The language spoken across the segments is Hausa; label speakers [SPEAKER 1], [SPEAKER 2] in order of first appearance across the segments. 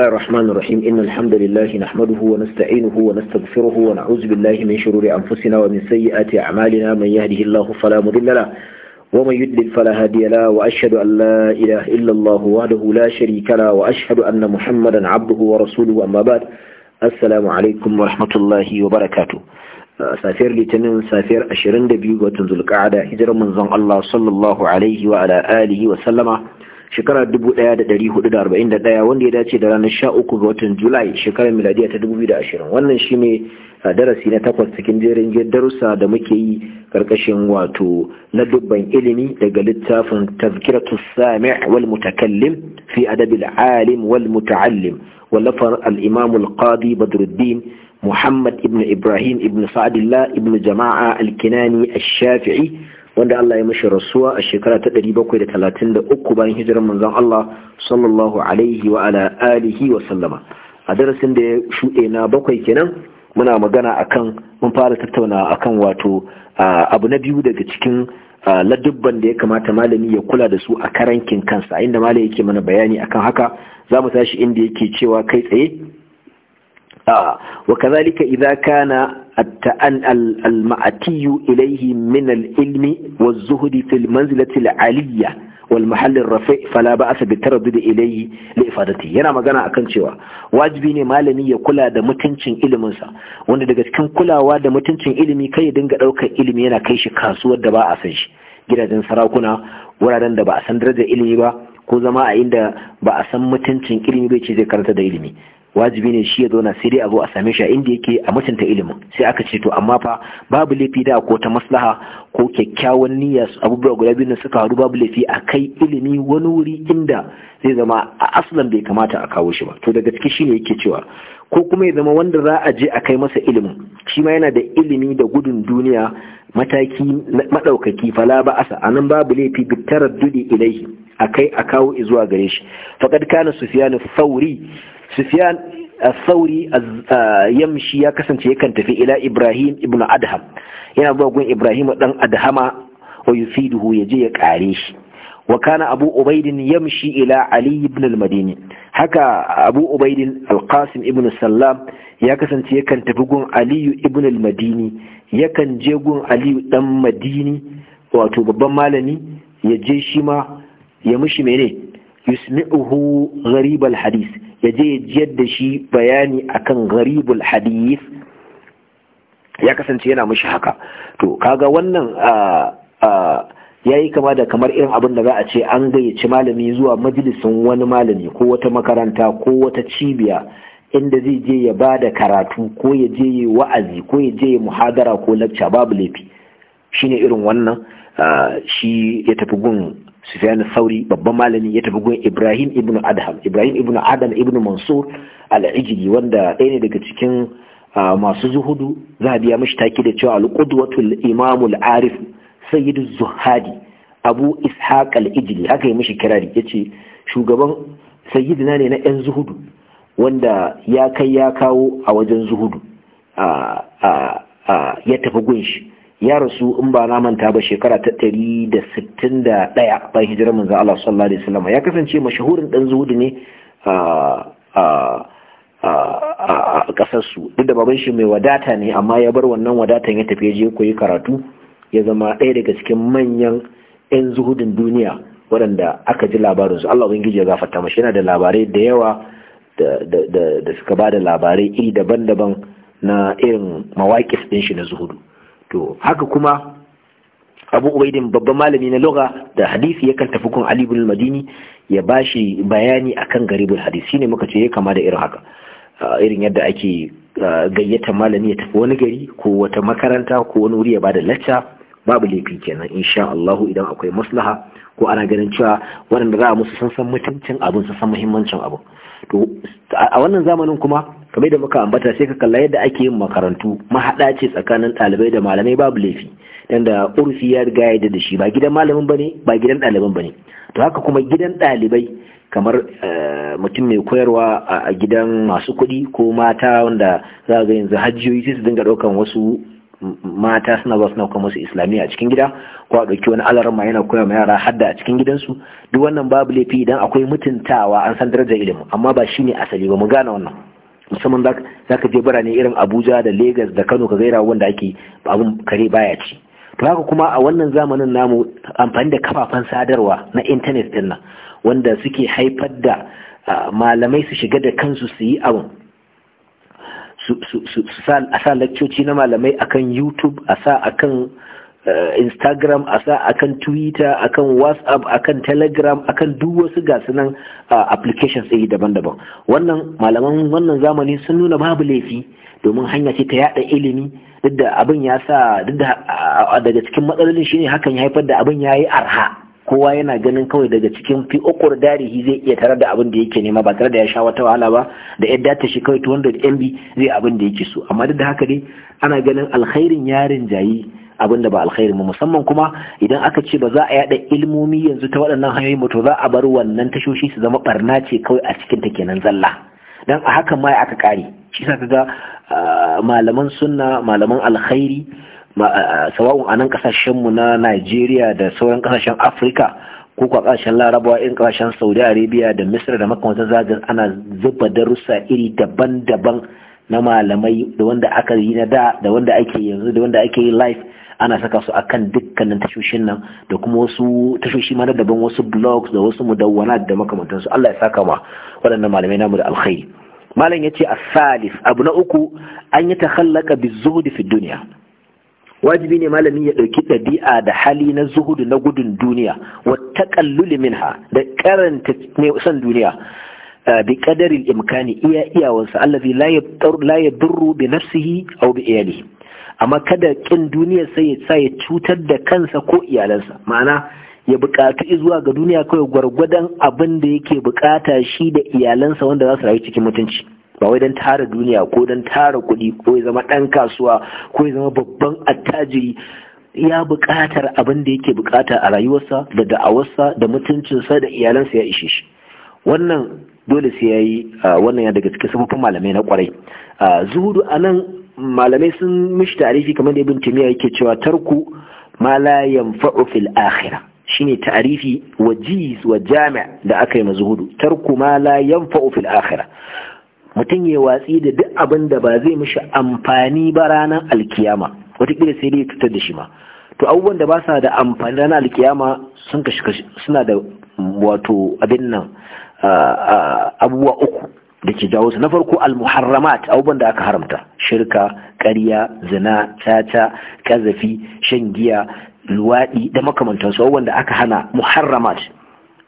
[SPEAKER 1] بسم الله الرحمن الرحيم إن الحمد لله نحمده ونستعينه ونستغفره ونعوذ بالله من شرور أنفسنا ومن سيئات أعمالنا من يهده الله فلا مضل له ومن يدلل فلا هادي له وأشهد أن لا إله إلا الله وحده لا شريك له وأشهد أن محمدا عبده ورسوله أما بعد السلام عليكم ورحمة الله وبركاته safiyar litinin safiyar 22 ga watan zulqa'ada hijirar manzon Allah sallallahu alaihi wa ala alihi wa sallama shekara 1441 wanda ya dace da ranar 13 ga watan Julai shekarar miladiya ta 2020 wannan shine darasi na takwas cikin jerin darussa da muke yi karkashin wato na dubban ilimi daga littafin tazkiratu sami' wal mutakallim fi adabil alim wal muta'allim wallafar al-imam al-qadi badruddin muhammad ibn ibrahim ibn sa'dillah ibn jama'a al-kinani shafii wanda Allah ya mashi rasuwa a shekara ta 733 bayan hijirar manzon Allah sallallahu alaihi wa ala alihi wa sallama a darasin da ya shuɗe na bakwai kenan muna magana akan mun fara tattauna akan wato abu na biyu daga cikin ladubban da ya kamata malami ya kula da su a karankin kansa inda malami yake mana bayani akan haka za mu tashi inda yake cewa kai tsaye وكذلك إذا كان المعتي إليه من العلم والزهد في المنزلة العالية والمحل الرفيع فلا بأس بالتردد إليه لإفادته yana magana akan cewa wajibi ne malami ya kula da mutuncin iliminsa wanda daga cikin kulawa da mutuncin ilimi kai ya dinga ɗaukar ilimi yana kai shi kasuwar da ba a san shi gidajen sarakuna wuraren da ba a san darajar ilimi ba ko zama a inda ba a san mutuncin ilimi bai ce zai karanta da ilimi wajibi ne shi ya zauna sai dai a zo a same shi a inda yake a mutunta ilimin sai aka ce to amma fa babu laifi da ko ta maslaha ko kyakkyawan niyya abubuwa guda biyu suka haɗu babu laifi a kai ilimi wani wuri inda zai zama a aslan bai kamata a kawo shi ba to daga ciki shine yake cewa ko kuma ya zama wanda za a je a kai masa ilimin shi ma yana da ilimi da gudun duniya mataki madaukaki fala ba asa anan babu laifi bitarar taraddudi ilai akai kai a kawo izuwa gare shi faqad kana sufyan fauri sufyan sauri yamshi ya kasance yakan tafi ila ibrahim ibn adham yana zuwa gun ibrahim dan adhama wa yufiduhu ya je ya kare shi wa kana abu ubaidin yamshi ila ali ibn al-madini haka abu ubaidin al-qasim ibn sallam ya kasance yakan tafi gun aliyu ibn al-madini yakan je gun aliyu dan madini wato babban malami ya je shi ma ya mushi menene. yusmi'uhu gharibal hadis ya je shi bayani akan gharibul hadis ya kasance yana mishi haka to kaga wannan ya yi kama da kamar irin abin da za a ce an gayyaci malami zuwa majalisin wani malami ko wata makaranta ko wata cibiya inda zai je ya ba da karatu ko ya je ya wa'azi ko ya je ya muhadara ko lacca babu laifi shine irin wannan shi ya tafi gun Sufyan Sauri babban malami ya tafi gun Ibrahim ibn Adham Ibrahim ibn Adam ibn Mansur al ijili wanda ɗaya ne daga cikin masu zuhudu za a biya mashi taki da cewa al-qudwatul imam al-arif Sayyid zuhadi abu ishaq al ijili haka yi mashi kirari yace shugaban sayyidina ne na yan zuhudu wanda ya kai ya kawo a wajen zuhudu ya tafi gun shi ya rasu in ba na manta ba shekara ta ɗari da sittin da ɗaya bayan hijirar manzan Allah sallallahu alaihi wasallam ya kasance mashahurin ɗan zuhudu ne a ƙasarsu duk da baban shi mai wadata ne amma ya bar wannan wadatan ya tafi je koyi karatu ya zama ɗaya daga cikin manyan 'yan zuhudin duniya waɗanda aka ji labarinsu Allah ubangiji ya gafarta mashi yana da labarai da yawa da suka ba da labarai iri daban-daban na irin mawaƙis ɗin shi na zuhudu to haka kuma abu ubaidin babban malami na loga da hadisi yakan tafi kun ali ibn madini ya bashi bayani akan garibul hadisi shine muka ce ya kama da irin haka irin yadda ake gayyata malami ya tafi wani gari ko wata makaranta ko wani wuri ya bada lacca babu laifi kenan insha Allah idan akwai maslaha ko ana ganin cewa waɗanda za a musu san san mutuncin abin sun san muhimmancin abu to a wannan zamanin kuma kamar da muka ambata sai ka kalla yadda ake yin makarantu mahaɗa ce tsakanin ɗalibai da malamai babu laifi dan da urfi ya riga ya da shi ba gidan malamin bane ba gidan ɗaliban bane to haka kuma gidan ɗalibai kamar eh, mutum mai koyarwa a gidan masu kuɗi ko mata wanda za ga yanzu hajjiyoyi sai su dinga ɗaukan wasu mata suna zuwa suna kuma musu islamiyya a cikin gida ko a ɗauki wani alaran ma yana koya ma yara hadda a cikin gidansu duk wannan babu laifi idan akwai mutuntawa an san darajar ilimi amma ba shine asali ba mu gane wannan musamman za ka je birane irin abuja da lagos da kano ka gaira wanda ake abun kare baya ci to haka kuma a wannan zamanin namu amfani da kafafen sadarwa na intanet din nan wanda suke haifar da ah, malamai su shiga da kansu su yi abun a sa lakcoci na malamai akan youtube a sa akan eh, instagram a sa akan twitter akan whatsapp akan telegram akan duk wasu gasu nan applications ɗaya daban-daban wannan malaman wannan zamani sun nuna babu laifi domin hanya ce ta yada ilimi duk da abin ya sa duk da daga cikin matsalolin shine hakan ya haifar da abin ya yi arha kowa yana ganin kawai daga cikin fi ukur darihi zai iya tarar da abin da yake nema ba tare da ya sha wata wahala ba da ya ta shi kawai 200 MB zai abin da yake so amma duk da haka dai ana ganin alkhairin yarin jayi abin da ba alkhairin mu musamman kuma idan aka ce ba za a yada ilmomi yanzu ta waɗannan hanyoyi mu to za a bar wannan tashoshi su zama barna ce kawai a cikin ta nan zalla dan a hakan ma aka kare shi sa ga ah, malaman sunna malaman alkhairi sawa'un a nan kasashenmu na Najeriya da sauran kasashen Afirka ko kuwa kasashen Larabawa in kasashen Saudi Arabia da Misra da makamantar zagin ana zuba darussa iri daban-daban na malamai da wanda aka yi na da da wanda ake yanzu da wanda ake yi live ana saka su a kan dukkanin tashoshin nan da kuma wasu tashoshi ma daban wasu blogs da wasu mudawwana da makamantansu Allah ya saka ma waɗannan malamai namu da alkhairi malam ya ce a salif abu na uku an yi ta takhallaka bizuhdi fi duniya wajibi ne malami ya ɗauki ɗabi'a da hali na zuhudu na gudun duniya wa taƙalluli minha da karanta son duniya eh, bi qadari imkani iya iyawansa allazi la yadurru bi nafsihi a bi iyali amma kada kin duniya sai ya sa ya cutar da kansa ko iyalansa ma'ana ya buƙatu zuwa ga duniya kawai gwargwadon abin da yake buƙata shi da iyalansa wanda za su rayu cikin mutunci ba wai don tara duniya ko don tara kuɗi ko ya zama ɗan kasuwa ko ya zama babban attajiri ya buƙatar abin da yake buƙata a rayuwarsa da da'awarsa da mutuncinsa da iyalansa ya ishe shi wannan dole sai ya yi wannan ya daga cikin sabuwar malamai na kwarai zuhudu a nan malamai sun mishi tarifi kamar da ibn timiya yake cewa tarku ma la yanfa'u fil shine ta'arifi wajiz wa jami' da aka yi ma zuhudu tarku ma la yanfa'u fil mutum ya watsi da duk abin da ba zai mishi amfani ba ranar alkiyama wataƙila sai dai cutar da shi ma to abubuwan da ba sa da amfani ranar alkiyama sun kashi suna da wato abin nan abubuwa uku da ke jawo su na farko almuharramat abubuwan da aka haramta shirka ƙarya zina caca kazafi shan giya luwaɗi da makamantansu abubuwan da aka hana muharramat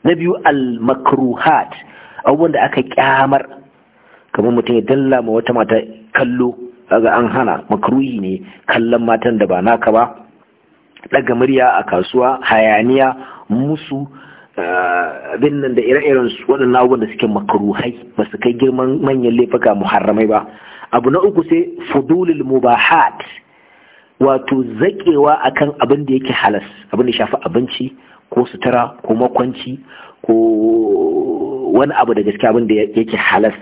[SPEAKER 1] na biyu almakruhat abubuwan da aka kyamar kamar mutum ya dalla ma wata mata kallo ga an hana makruhi ne kallon matan da ba naka ba daga murya a kasuwa hayaniya musu ah, abin nan da ire-iren su waɗannan abubuwan da suke makaruhai ba su kai girman manyan laifuka muharramai ba abu na uku sai fudulil mubahat wato zakewa akan abin da yake halas abin da shafi abinci ko sutura ko makwanci ko wani abu da gaske abin da yake halas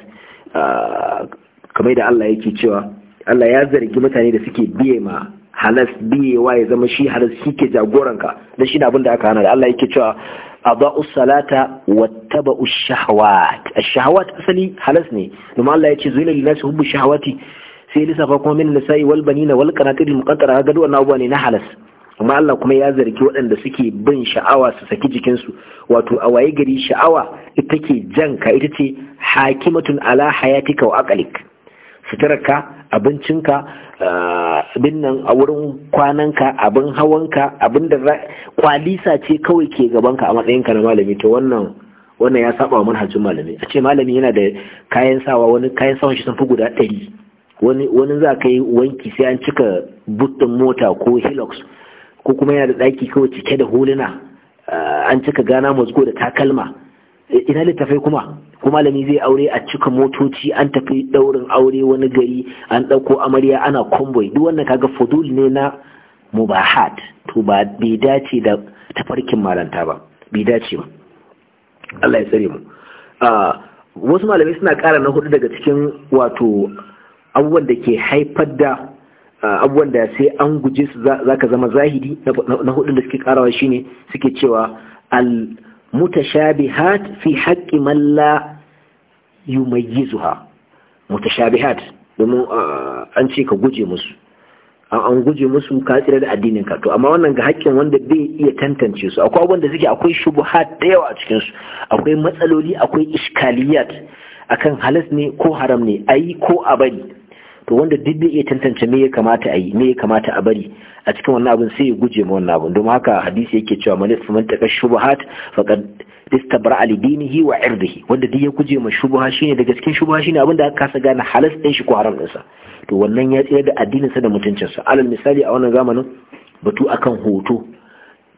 [SPEAKER 1] kamar da Allah yake cewa Allah ya zargi mutane da suke biye ma halas biyewa ya zama shi halas shi ke jagoranka don shi na abin da aka hana da Allah yake cewa aba'u salata wattaba'u shahawat shahawat asali halas ne kuma Allah ce zuwa lin su hubbu shahawati sai lissafa kuma min nisa'i wal banina wal qanatir al muqattara ga duk abuwa ne na halas amma Allah kuma ya zargi waɗanda suke bin sha'awa su saki jikinsu wato a waye gari sha'awa ita ke ka ita ce hakimatun ala hayatika wa aqalik suturarka abincinka ah, abin nan a wurin kwananka abin hawanka abin da kwalisa ce kawai ke gabanka a matsayinka na malami to wannan wannan ya saba wa manhajin malami a ce malami yana da kayan sawa wani kayan sawan shi sun fi guda ɗari wani za ka yi wanki sai an cika butun mota ko hilux ko kuma yana da ɗaki kawai cike da huluna eh, an cika gana mazgo da takalma eh, ina littafai kuma Kuma malami zai aure a cika motoci an tafi ɗaurin aure wani gari an ɗauko amarya ana komboi duk wannan kaga fudul ne na mubahat to ba bai dace da tafarkin malanta ba bai dace ba Allah ya tsare mu ah, wasu malamai suna ƙara na hudu daga cikin wato abubuwan da ke haifar da abubuwan da sai an guje su za ka zama zahidi na hudun da suke karawa shine suke cewa al mutashabihat fi haƙƙi malla yi yumayyizuha mutashabihat domin an ce ka guje musu an guje musu ka tsira da addinin ka amma wannan ga haƙƙin wanda bai iya tantance su akwai abubuwan da suke akwai shubuhat da yawa a cikinsu. akwai matsaloli akwai iskaliyat akan halas ne ko haram ne ayi ko a bari to wanda duk bai iya tantance me ya kamata a yi me ya kamata a bari a cikin wannan abin sai ya guje ma wannan abin domin haka hadisi yake cewa man yasman taka shubuhat faqad istabra li dinihi wa irdihi wanda duk ya guje ma shubuha shine daga cikin shubuha shine abin da aka kasa gane halas din shi ko haram din sa to wannan ya tsira da addinin sa da mutuncin sa alal misali a wannan zamanin batu akan hoto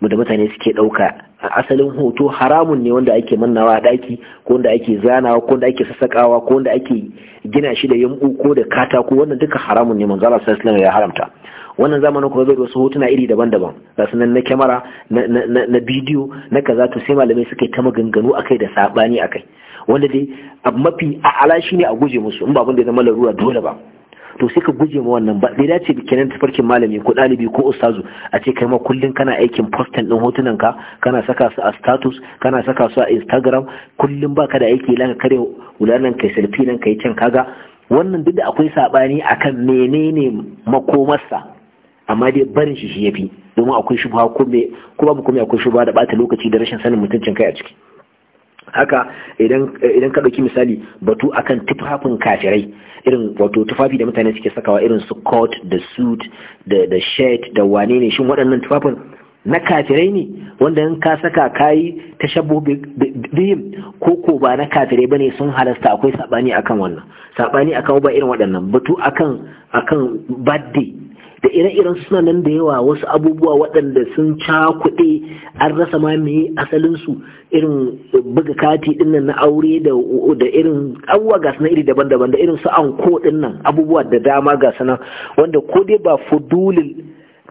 [SPEAKER 1] da mutane suke ɗauka a asalin hoto haramun ne wanda ake mannawa a ɗaki ko wanda ake zanawa ko wanda ake sassakawa ko wanda ake gina shi da yambu ko da katako wannan duka haramun ne manzo Allah sallallahu ya haramta wannan zamanin kuma zai wasu hotuna iri daban-daban ga sunan na kyamara na bidiyo na kaza to sai malamai suka ta maganganu akai da sabani akai wanda dai mafi a'ala shine a guje musu in ba abin da ya zama larura dole ba to sai ka guje ma wannan ba bai dace da kenan tafarkin malami ko ɗalibi ko ustazu a ce kai ma kullum kana aikin postan din hotunan ka kana saka su a status kana saka su a instagram kullum baka da aiki laka kare wulanan kai selfie nan kai can kaga wannan duk da akwai sabani akan menene makomarsa amma dai barin shi shi yafi domin akwai shubha ko me ko babu akwai shubha da bata lokaci da rashin sanin mutuncin kai a ciki haka idan ka ɗauki misali batu akan tufafin kafirai irin wato tufafi da mutane suke sakawa irin su coat da suit da shirt da wane ne shin waɗannan tufafin na kafirai ne wanda in ka saka kayi tashabbu bihim ko ko ba na kafirai bane sun halasta akwai saɓani akan wannan Saɓani akan ba irin waɗannan batu akan birthday da ire-iren suna nan da yawa wasu abubuwa waɗanda sun cakuɗe an rasa ma me asalinsu irin buga kati dinnan na aure da irin abubuwa ga na iri daban-daban da irin su anko ɗinnan, abubuwa da dama ga sanan wanda ko dai ba fudulil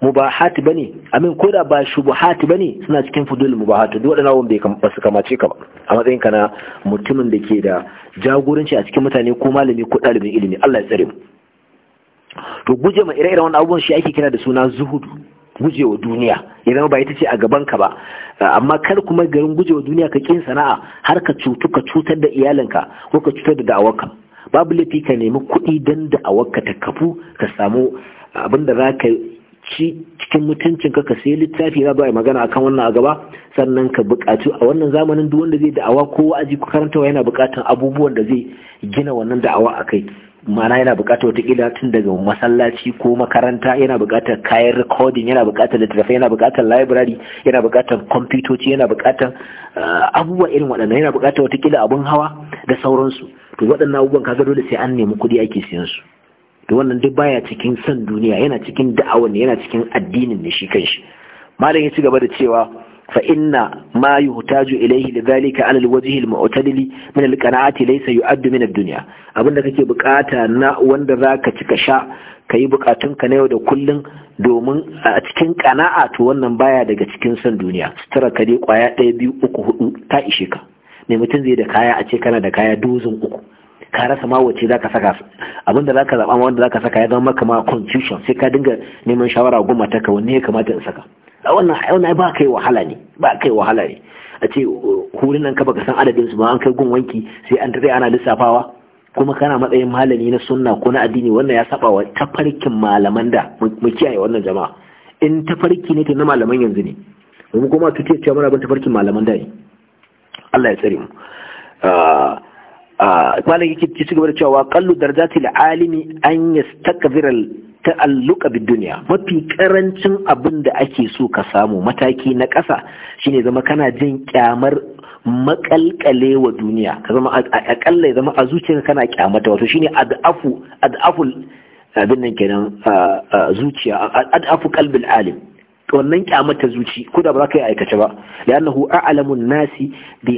[SPEAKER 1] mubahat bane amin ko da ba shubuhat bane suna cikin fudulil mubahat duk waɗannan abubuwan bai su kamace ka ba a matsayin ka na mutumin da ke da jagoranci a cikin mutane ko malami ko ɗalibin ilimi Allah ya tsare mu to guje ma ire-iren wani abubuwan shi ake kira da suna zuhudu guje wa duniya ya zama ba ita ce a gaban ka ba amma kar kuma garin guje wa duniya ka kin sana'a har ka cutu ka cutar da iyalinka ko ka cutar da da'awarka babu laifi ka nemi kuɗi don da'awarka ta kafu ka samu abin da za ka ci cikin mutuncin ka sai littafi za ba magana akan wannan a gaba sannan ka buƙatu a wannan zamanin duk wanda zai da'awa ko wa'azi ko karantawa yana buƙatan abubuwan da zai gina wannan da'awa kai. mana yana bukatar watakila tun daga masallaci ko makaranta yana bukatar kayan rikodin yana bukatar littattafai yana bukatar library yana bukatar kwamfutoci yana bukatar ah, abubuwa irin waɗannan yana bukatar watakila abun hawa da sauransu to waɗannan abubuwan kaga dole sai an nemi kuɗi ake siyan su to wannan duk baya cikin son duniya yana cikin ne yana cikin addinin ne shi kanshi malam ya ci gaba da cewa mayu فإن ما يحتاج إليه لذلك على الوجه المعتدل من kanaa ليس يعد من الدنيا duniya? Abinda kake bukata na wanda zaka cika sha kayi bukatunka na yau da kullun domin a cikin ƙana'a to wannan baya daga cikin son duniya sutura ka dai kwaya ɗaya biyu uku hudu ta ishe ka mai mutum zai da kaya a ce kana da kaya dozin uku ka rasa ma wace zaka saka abin da zaka zaba ma wanda zaka saka ya zama maka ma confusion sai ka dinga neman shawara goma ta ka wanne ya kamata in saka wannan wannan ba kai wahala ne ba kai wahala ne a ce hurin nan ka baka san adadin su ba an kai gun wanki sai an dare ana lissafawa kuma kana matsayin malami na sunna ko na addini wannan ya saba wa tafarkin malaman da mu kiyaye wannan jama'a in tafarki ne ta na malaman yanzu ne mu kuma tuce ce mana bin tafarkin malaman da ne Allah ya tsare mu ah, malam yake ci gaba da cewa qallu darajati alimi an yastakbir ta'alluqa bid dunya mafi karancin abin da ake so ka samu mataki na ƙasa shine zama kana jin kyamar makalkale wa duniya ka zama a akalla ya zama a zuciyarka kana kyamata wato shine ad'afu ad'aful abin nan kenan zuciya ad'afu qalbil alim wannan kyamata zuci ko da ba za ka yi aikace ba li'annahu a'lamun nasi bi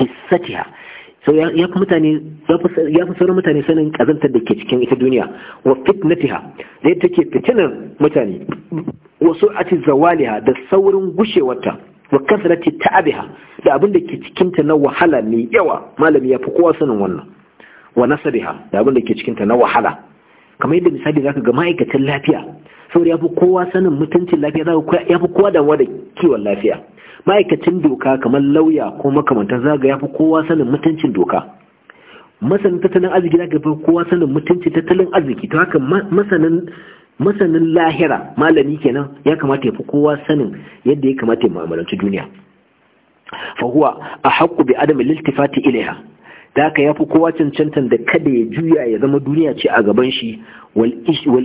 [SPEAKER 1] hissatiha sau ya fi mutane ya fi sauran mutane sanin kazantar da ke cikin ita duniya wa fitnatiha da yadda take fitinar mutane wasu ati zawaliha da saurin gushewarta wa kasrati ta'abiha da abin da ke cikinta na wahala mai yawa malami ya fi kowa sanin wannan wa nasabiha da abin da ke cikinta na wahala kamar yadda misali zaka ga ma'aikatan lafiya saboda ya fi kowa sanin mutuncin lafiya zaka ya fi kowa damuwa da kiwon lafiya ma'aikacin doka kamar lauya ko makamantar zaga ya fi kowa sanin mutuncin doka masanin tattalin arziki zaga fi kowa sanin mutuncin tattalin arziki ta haka masanin lahira malami kenan ya kamata ya fi kowa sanin yadda ya kamata ya mu'amalanci duniya fa huwa ahaqqu bi adami liltifati ilaiha da haka ya fi kowa cancanta da kada ya juya ya zama duniya ce a gaban shi wal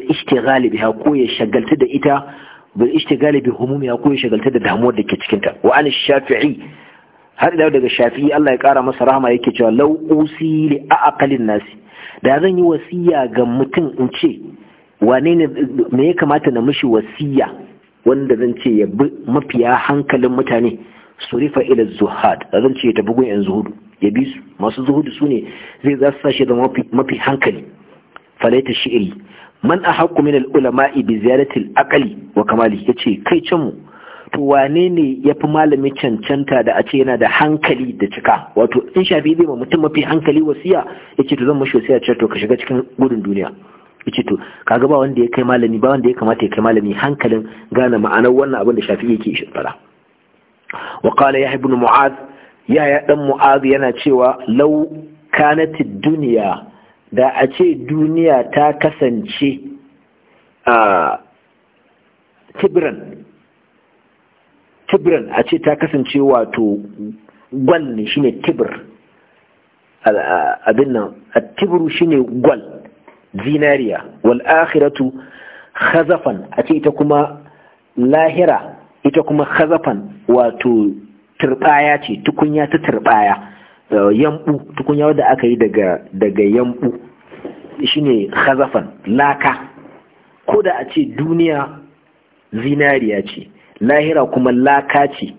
[SPEAKER 1] ishtighali biha ko ya shagalta da ita bil ishtigali bi humumi ya ya shagalta da damuwar da ke cikin ta wa an shafi'i har da daga shafi'i Allah ya kara masa rahama yake cewa law usi li aqalin nasi da zan yi wasiya ga mutum in ce wane ne me ya kamata na mishi wasiya wanda zan ce ya bi mafiya hankalin mutane surifa ila zuhad zan ce ya tafi gun zuhudu ya bi masu zuhudu sune zai za su sashi da mafi hankali falaita shi'iri man ahaqqu min al’ulama ibi bi akali wa kamali Ya ce kai can mu to wane ne ya fi malamin cancanta da a ce yana da hankali da cika wato in shafi zai ma mutum mafi hankali wasiya ce to zan mashi wasiya ce to ka shiga cikin gudun duniya Ya ce to kaga ba wanda ya kai malami ba wanda ya kamata ya kai malami hankalin gane ma'anar wannan abin da shafi yake shi fara wa qala yahya ibn Muaz dan yana cewa law kanat ad da a ce duniya ta kasance a tibiran tibiran a ce ta kasance wato gwal ne shine tibir abin nan a tibiru shine gwal zinariya wal akhiratu khazafan a ce ita kuma lahira ita kuma khazafan wato turbaya ce tukunya ta turbaya Eh, yambu tukunya wadda aka yi daga daga yambu shine khazafan laka ko da a ce duniya zinariya ce lahira kuma laka ce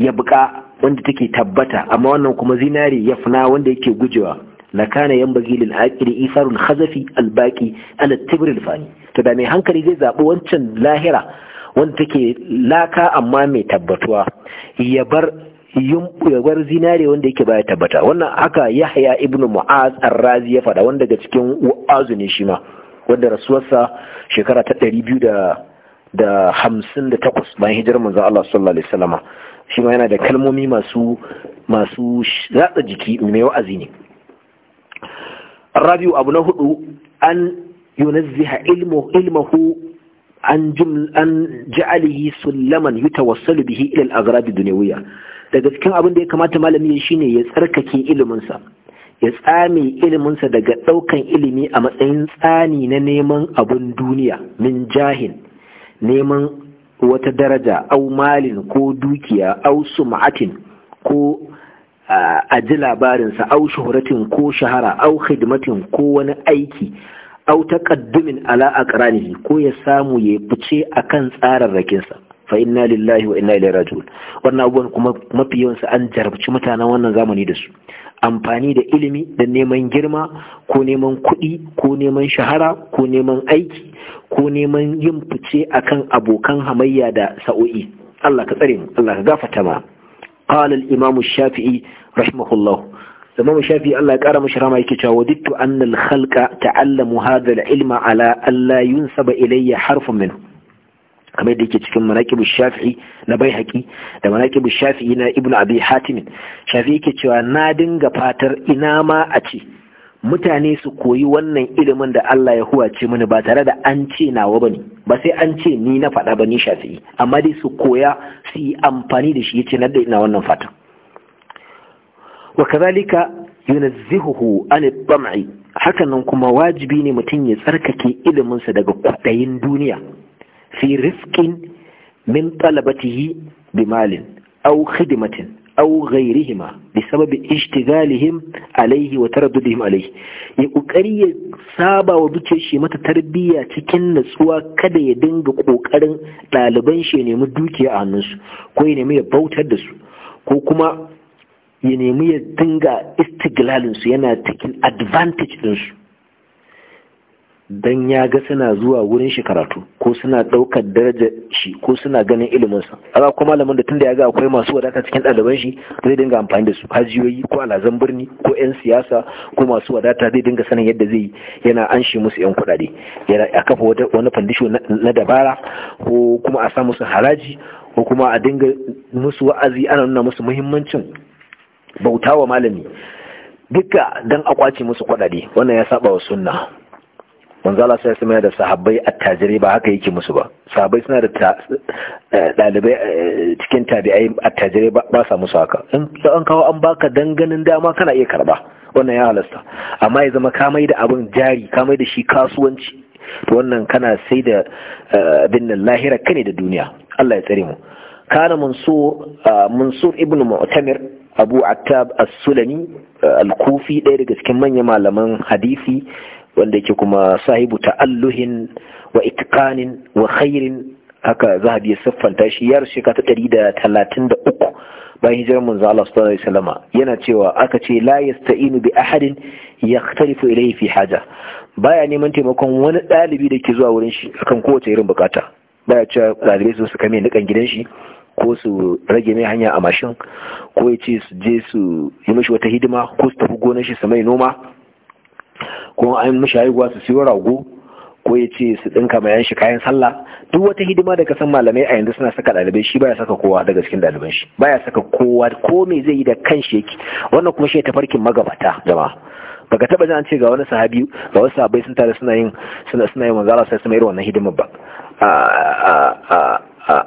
[SPEAKER 1] ya buka wanda take tabbata amma wannan kuma zinari ya fina wanda yake gujewa lakana yan lil aqili isarul khazafi al baqi ala tibr al fani to da mai hankali zai zabi wancan lahira wanda take laka amma mai tabbatuwa ya bar yunkuyar zinare wanda yake baya tabbata wannan haka yahya ibn mu'az ar-razi ya faɗa wanda daga cikin wa'azu ne shi ma wanda rasuwarsa shekara ta ɗari biyu da da hamsin da takwas bayan hijirar manzon Allah sallallahu alaihi wasallama shi ma yana da kalmomi masu masu ratsa jiki mai wa'azi ne rabiu abu na hudu an yunazziha ilmu ilmahu an juml an ja'alihi sulaman yutawassalu bihi ila al-aghrab ad-dunyawiyya daga cikin abin da ya kamata malami shine ya tsarkake iliminsa ya tsame iliminsa daga ɗaukan ilimi a matsayin tsani na neman abin duniya min jahin neman wata daraja au malin ko dukiya au sum'atin ko a labarinsa au shuhuratin ko shahara au khidmatin ko wani aiki au taƙaddumin ala a ko ya samu ya fice a kan tsararrakinsa fa inna lillahi wa inna ilaihi raji'un wannan abubuwan kuma mafi yawansu an jarabci mutanen wannan zamani da su amfani da ilimi da neman girma ko neman kuɗi ko neman shahara ko neman aiki ko neman yin fice akan abokan hamayya da sa'o'i Allah ka tsare mu Allah ka gafarta ma qala al-imam shafii rahimahullah الإمام الشافعي الله يقرأ مشرما يكتشا وددت أن الخلق تعلموا هذا ilma ala ألا ينسب إلي حرف منه kamar da yake cikin manaƙibu shafi'i na bai haƙi da manaƙibu shafi'i na ibnu abi Hatimin, shafi'i yake cewa na dinga fatar ina ma a ce mutane su koyi wannan ilimin da Allah ya huwace mini ba tare da an ce nawa ba ne, ba sai an ce ni na faɗa ba ni shafi'i amma dai su koya su yi amfani da shi yace na da ina wannan fata wa kazalika yunazzihuhu an at-tam'i hakanan kuma wajibi ne mutum ya tsarkake iliminsa daga kwaɗayin duniya fi rifqin min talabatihi bi malin aw khidmatin aw ghairihima bi sababi ishtigalihim alaihi wa taraddudihim ya kokari ya saba wa duke shi mata tarbiyya cikin natsuwa kada ya dinga kokarin ɗaliban shi ya nemi dukiya a hannunsu ko ya nemi ya bautar da su ko kuma ya nemi ya dinga istiglalinsu yana cikin advantage ɗinsu dan ya ga suna zuwa wurin shi karatu ko suna ɗaukar daraja shi ko suna ganin ilimin sa. a kuma malamin da tunda ya ga akwai masu wadata cikin ɗaliban shi zai dinga amfani da su hajiyoyi ko alazan birni ko 'yan siyasa ko masu wadata zai dinga sanin yadda zai yana an shi musu 'yan kuɗaɗe yana a kafa wani fandisho na dabara ko kuma a sa musu haraji ko kuma a dinga musu wa'azi ana nuna musu muhimmancin bautawa malami duka dan akwace musu kuɗaɗe wannan ya saba wa sunna manzo Allah sai sama da sahabbai attajiri ba haka yake musu ba sahabbai suna da dalibai eh, eh, cikin tabi'ai attajiri ba sa musu haka in an kawo an baka danganin dama kana iya karba wannan ya halasta amma ya zama kamai da abin jari kamai da shi kasuwanci to wannan kana sai da eh, bin lahira kane da duniya Allah ya tsare mu kana mansur mansur ibnu mu'tamir abu attab as sulani al-kufi ɗaya daga cikin manyan malaman hadisi wanda yake kuma sahibu ta'alluhin wa itqanin wa khairin haka zahabi ya siffanta shi yar shekara ta ɗari da talatin da uku bayan hijirar manzo Allah sallallahu yana cewa aka ce la yasta'inu bi ahadin yaktarifu ilayhi fi haja baya neman taimakon wani ɗalibi da ke zuwa wurin shi akan kowace irin bukata baya cewa ɗalibai su kame ni nikan gidan shi ko su rage mai hanya a mashin ko ya ce su je su yi mishi wata hidima ko su tafi gonar shi su mai noma kuma an mishi haihuwa su siyo rago ko ya ce su ɗinka bayan shi kayan sallah duk wata hidima da kasan malamai a yanzu suna saka ɗalibai shi baya saka kowa daga cikin ɗaliban shi baya saka kowa ko me zai yi da kan shi yake wannan kuma shi tafarkin magabata jama'a baka taba jin an ce ga wani sahabi ga wasu sahabbai sun tare suna yin suna suna yin manzala sai su irin wannan hidimar ba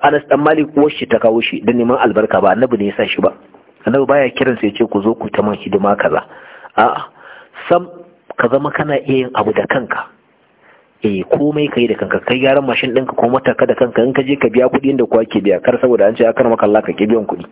[SPEAKER 1] Anas dan Malik ko shi ta kawo shi dan neman albarka ba annabi ne ya sa shi ba annabi baya kiran sai ya ce ku zo ku ta man hidima kaza a'a sam ka zama kana iya yin abu da kanka eh komai kai da kanka kai gyaran mashin ɗinka ko mataka da kanka in ka je ka biya kuɗi inda kuwa ke biya kar saboda an ce kar maka Allah ka ke biyan kuɗi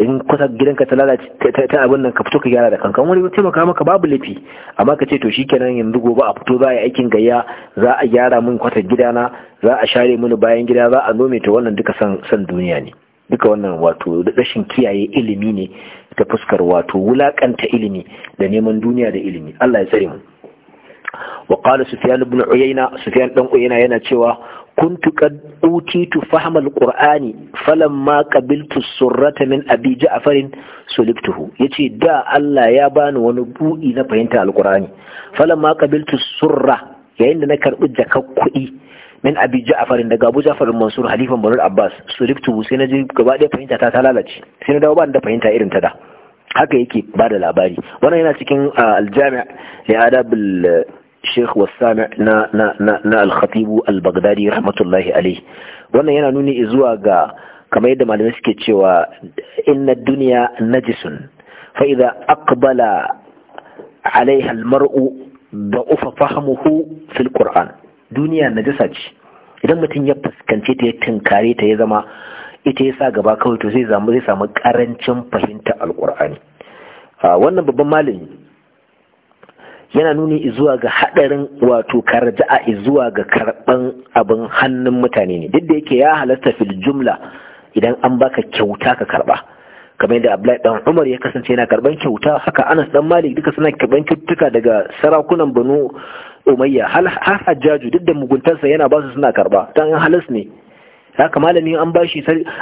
[SPEAKER 1] in kusa gidanka ta lalace ta abin nan ka fito ka gyara da kanka wani ya taimaka maka babu lafi amma ka ce to shi shikenan yanzu gobe a fito za a yi aikin gayya za a gyara min kwatar gidana za a share mini bayan gida za a nome ta wannan duka san duniya ne duka wannan wato rashin kiyaye ilimi ne ta fuskar wato wulakanta ilimi da neman duniya da ilimi Allah ya tsare mu wa qala sufyan ibn uyayna sufyan dan uyayna yana cewa kuntu qad utitu fahma alqur'ani falamma qabiltu surrata min abi ja'far suliktuhu yace da Allah ya bani wani bu'i na fahimta alqur'ani falamma qabiltu surra yayin da na karbi jakar kuɗi min abi ja'farin daga abu ja'farin mansur halifan barul abbas suriftu sai na ji gaba ɗaya fahimta ta lalace sai na dawo ba da fahimta irin ta da haka yake ba da labari wannan yana cikin aljami'a li adabul eh, sheikh wasami na na na na al rahmatullahi alayhi wannan yana nuni zuwa ga kamar yadda malamai suke cewa inna dunya najisun fa idza aqbala alaiha al-mar'u da ufa fahimuhu fil qur'an duniya najasa ce idan mutum ya fuskance ta ya tunkare ta ya zama ita ya sa gaba kawai to zai zama zai samu karancin fahimta alkur'ani wannan babban malami yana nuni zuwa ga hadarin wato karja'a zuwa ga karban abin hannun mutane ne duk da yake ya halasta fil jumla idan an baka kyauta ka karɓa. kamar yadda Abdullahi dan Umar ya kasance yana karban kyauta haka Anas dan Malik duka suna karban kyautuka daga sarakunan Banu umayya har hajjaju duk da muguntarsa yana ba su suna karba an halas ne haka malami an bashi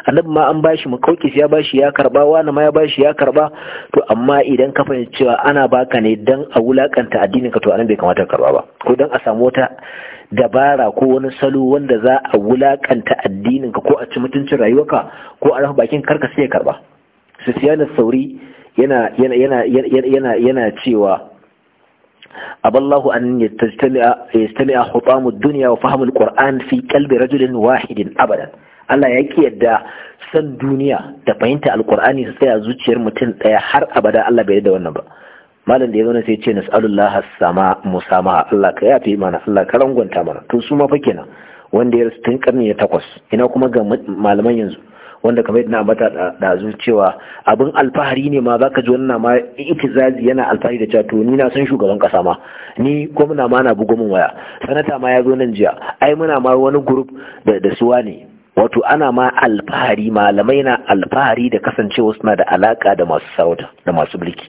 [SPEAKER 1] annabi ma an bashi makaukis ya bashi ya karba wani ma ya bashi ya karba to amma idan ka fahimci cewa ana baka ne dan a wulakanta addinin ka to anan bai kamata ka karba ba ko dan a samu wata dabara ko wani salo wanda za a wulakanta addinin ka ko a ci mutuncin rayuwarka ko a rafa bakin karka sai ya karba sufyan sauri yana cewa aballahu an yastami'a hutamu duniya wa fahimul qur'an fi qalbi rajulin wahidin abadan Allah ya ki yadda san duniya da fahimta alqur'ani su tsaya zuciyar mutum ɗaya har abada Allah bai da wannan ba malam da ya zo sai ce nas'alullah sama musama Allah ka yafe mana Allah ka rangwanta mana to su ma fa kenan wanda ya rasu tun karni ya takwas ina kuma ga malaman yanzu wanda kamar yadda ambata dazu cewa abin alfahari ne ma zaka ji wannan ma itizazi yana alfahari da cewa ni na san shugaban kasa ma ni gwamna ma na bugo min waya sanata ma ya zo nan jiya ai muna ma wani group da da suwa ne wato ana ma alfahari malamai na alfahari da kasancewa suna da alaka da masu sauta da masu mulki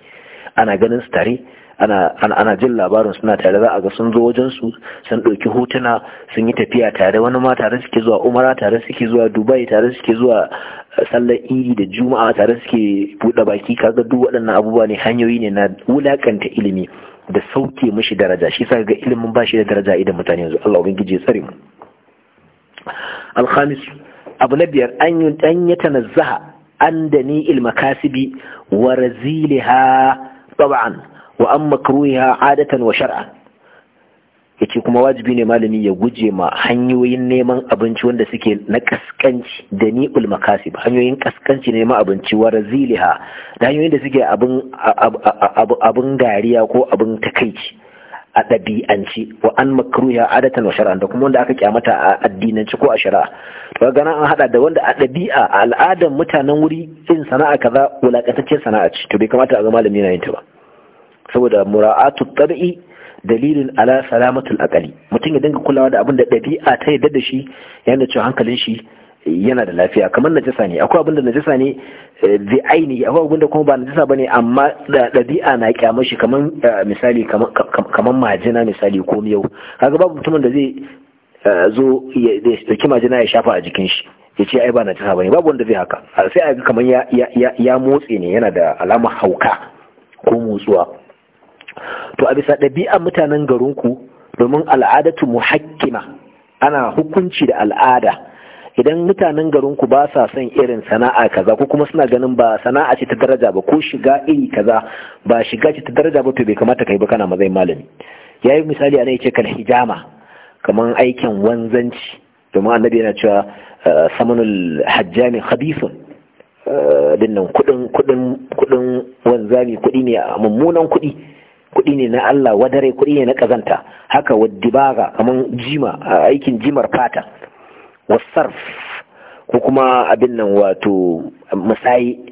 [SPEAKER 1] ana ganin su tare ana jin labarin suna tare za a ga sun zo wajen su sun ɗauki hotuna sun yi tafiya tare wani ma tare suke zuwa umara tare suke zuwa dubai tare suke zuwa eh, sallar iri da juma'a tare suke buɗe baki kaga duk waɗannan abubuwa ne hanyoyi ne na wulakanta ilimi da sauke mishi daraja shi sa ga ilimin ba shi da daraja idan mutane yanzu Allah ubangiji ya tsare mu alhamis abu na biyar an yi tanazzaha an da ni kasibi wa raziliha taba'an wa an makruhiha adatan wa shar'an yace kuma wajibi ne malami ya guje ma hanyoyin neman abinci wanda suke na kaskanci da ni'ul makasib hanyoyin kaskanci neman abinci wa raziliha da hanyoyin da suke abin abin dariya ko abin takaici a ɗabi'anci wa an makruhiha adatan wa shar'an da kuma wanda aka kyamata a addinanci ko a shari'a to ga nan an hada da wanda a ɗabi'a a al'adan mutanen wuri in sana'a kaza wulakantaccen sana'a ce to bai kamata a ga malami yana yin ta ba saboda mura'atu tabi'i dalilin ala salamatul akali mutum ya dinga kulawa da abin da ɗabi'a ta yadda da shi yana cewa hankalin shi yana da lafiya kamar najasa ne akwai abin da najasa ne zai eh, aini akwai abin da kuma ba najasa bane amma da ɗabi'a na kyamar shi kamar eh, misali kamar majina misali ko miyau kaga babu mutumin da zai eh, zo ya dauki majina ya shafa a jikin shi ya ce ai ba najasa bane babu wanda zai haka sai a ga kamar ya motse ne yana da alamar hauka ko motsuwa to a bisa ɗabi'a mutanen garinku domin al'adatu mu muhakkima ana hukunci da al'ada idan mutanen garinku ba sa son irin sana'a kaza ko kuma suna ganin ba sana'a ce ta daraja ba ko shiga iri kaza ba shiga ce ta daraja ba to bai kamata kai ba kana mazai malami yayi misali ana yace kal hijama kaman aikin wanzanci domin annabi yana cewa eh, samanul hajjami khabithun eh, dinnan kudin wanzami kudi ne a mummunan kudi kuɗi ne na Allah wadare kuɗi ne na ƙazanta haka waddibaga kamar jima a aikin jimar fata wasarf ko kuma abin nan wato matsayi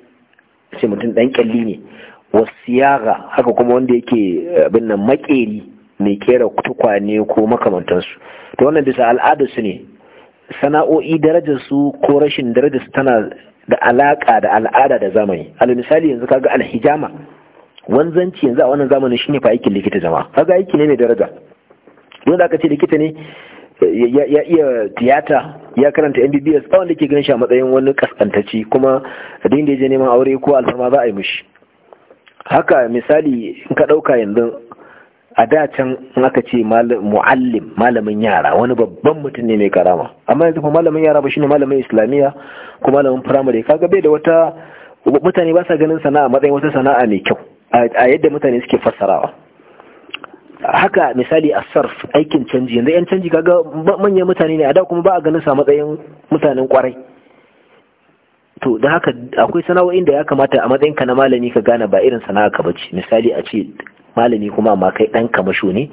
[SPEAKER 1] sai mutum ɗan ƙyalli ne wasiyaga haka kuma wanda yake abin nan maƙeri, mai kera tukwane ko makamantansu to wannan bisa al'adarsu ne sana'o'i darajarsu ko rashin darajarsu tana da alaƙa da al'ada da zamani al misali yanzu kaga alhijama wanzanci yanzu a wannan zamanin shine fa aikin likita jama'a kaga aiki ne mai daraja don da aka ce likita ne ya iya tiyata ya karanta MBBS tsawon da ke ganin shi a matsayin wani kaskantaci kuma da inda je neman aure ko alfarma za a yi mishi haka misali in ka ɗauka yanzu a da can in aka ce muallim malamin yara wani babban mutum ne mai karama amma yanzu kuma malamin yara ba shine malamin islamiyya ko malamin firamare kaga bai da wata mutane ba sa ganin sana'a matsayin wata sana'a mai kyau a yadda mutane suke fassarawa haka misali a sarf aikin canji yanzu yan canji kaga manyan mutane ne a da kuma ba a ganin sa matsayin mutanen kwarai to da haka akwai sana'o'in da ya kamata a matsayin ka na malami ka gane ba irin sana'a ka bace misali a ce malami kuma ma kai dan kamasho ne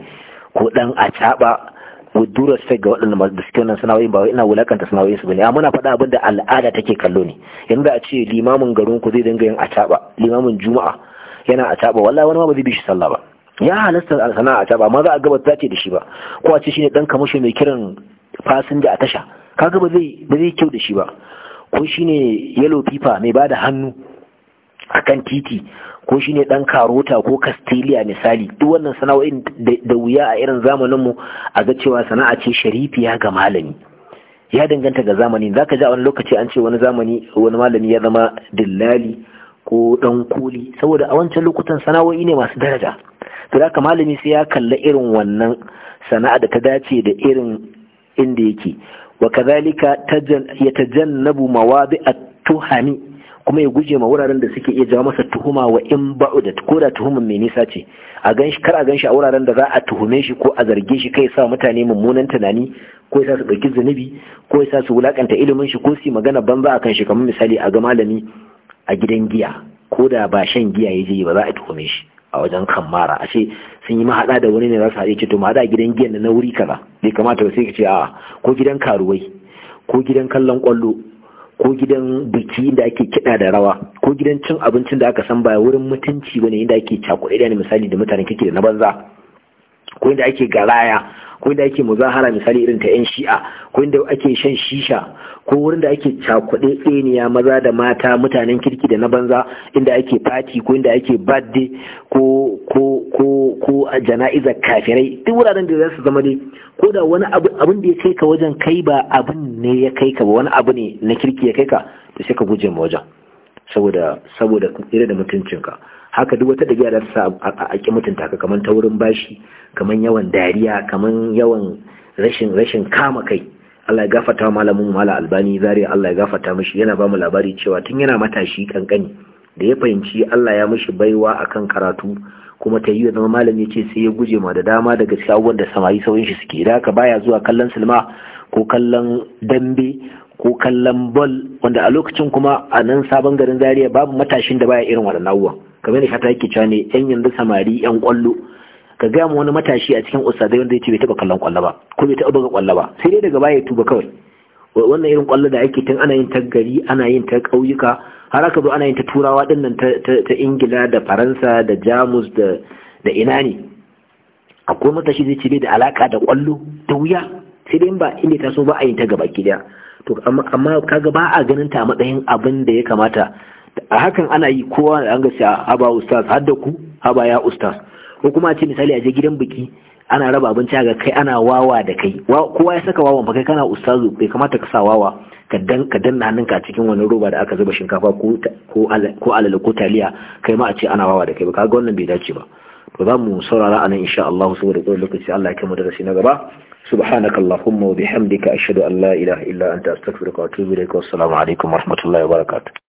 [SPEAKER 1] ko dan acaba with due sai ga waɗanda masu suke wannan sana'o'in ba ina wulakanta sana'o'in su bane amma muna faɗa abin da al'ada take kallo ne yanzu a ce limamin garin ku zai dinga yin caba limamin juma'a yana a taba wallahi wani ma ba zai bi shi sallah ba ya halasta sana'a a caba amma za a gaba ta ce da shi ba ko a ce shine dan kamushi mai kiran fasinja a tasha kaga ba zai ba zai kyau da shi ba ko shine yellow pipa mai bada hannu akan titi ko shine dan karota ko castilia misali duk wannan sana'o'in da wuya a irin zamanin mu a ga cewa sana'a ce sharifiya ga malami ya danganta ga zamani zaka ji a wani lokaci an ce wani zamani wani malami ya zama dillali ko dan koli saboda a wancan lokutan sana'o'i ne masu daraja to haka malami sai ya kalla irin wannan sana'a da ta dace da irin inda yake wa kadhalika yatajannabu mawadi at-tuhami kuma ya guje ma wuraren da suke iya jawo masa tuhuma wa in ba'u da ko da tuhumin mai nisa ce a ganshi kar a ganshi a wuraren da za a tuhume shi ko a zarge shi kai sa mutane mummunan tunani ko sa su ɗauki zunubi ko sa su wulakanta ilimin shi ko su magana banza akan shi kamar misali a ga malami a gidan giya ko da ba shan giya ya je ba za a tuhume shi a wajen kammara a ce sun yi mahaɗa da wani ne za su haɗe ce to ma da gidan giyan na wuri kaza bai kamata ba sai ka ce a ko gidan karuwai ko gidan kallon kwallo ko gidan biki da ake kiɗa da rawa ko gidan cin abincin da aka san ba wurin mutunci bane inda ake cakuɗe da misali da mutane kake da na banza ko inda ake garaya ko inda ake muzahara misali irin ta 'yan shi'a ko inda ake shan shisha ko wurin da ake cakuɗe ɗeniya maza da mata mutanen kirki da na banza inda ake fati ko inda ake badde ko ko ko ko a jana'izar kafirai duk wuraren da za su zama dai ko da wani abin da ya kai ka wajen kai ba abin ne ya kai ka ba wani abu ne na kirki ya kai ka to sai ka guje ma wajen saboda saboda da mutuncinka haka duk wata ɗabi'a da ta sa a ki mutunta ka kaman ta wurin bashi kaman yawan dariya kaman yawan rashin rashin kama kai Allah ya gafarta malamin mala albani zari Allah ya gafarta mishi yana ba mu labari cewa tun yana matashi kankani da ya fahimci Allah ya mishi baiwa akan karatu kuma ta yi wa zama malam ya ce sai ya guje ma da dama daga cikin abubuwan da samari sauyin shi suke da haka baya zuwa kallon silma ko kallon dambe ko kallon bol wanda a lokacin kuma a nan sabon garin zaria babu matashin da baya irin waɗannan abubuwan kamar ne hata yake cewa ne yan yanzu samari yan kwallo ka gaya mu wani matashi a cikin ustadai wanda ya ce bai taba kallon kwallo ba ko bai taba buga kwallo ba sai dai daga baya ya tuba kawai wannan irin kwallo da ake tun ana yin ta gari ana yin ta ƙauyuka har aka zo ana yin ta turawa din nan ta ingila da faransa da jamus da da ina ne akwai matashi zai ce bai da alaka da kwallo da wuya sai dai ba inda ta so ba a yin ta gaba gida to amma kaga ba a ganin ta a matsayin abin da ya kamata a hakan ana yi kowa da an gasi haba ustaz har da ku haba ya ustaz ko kuma a ce misali a je gidan biki ana raba abinci ga kai ana wawa da kai kowa ya saka wawan ba kai kana ustazu bai kamata ka sa wawa ka danna hannunka a cikin wani roba da aka zuba shinkafa ko alala ko taliya kai ma a ce ana wawa da kai ba kaga wannan bai dace ba to za mu saurara anan insha Allah saboda kowane lokaci Allah ya kai mu darasi na gaba سبحانك اللهم وبحمدك أشهد أن لا إله إلا أنت أستغفرك وأتوب إليك والسلام عليكم ورحمة الله وبركاته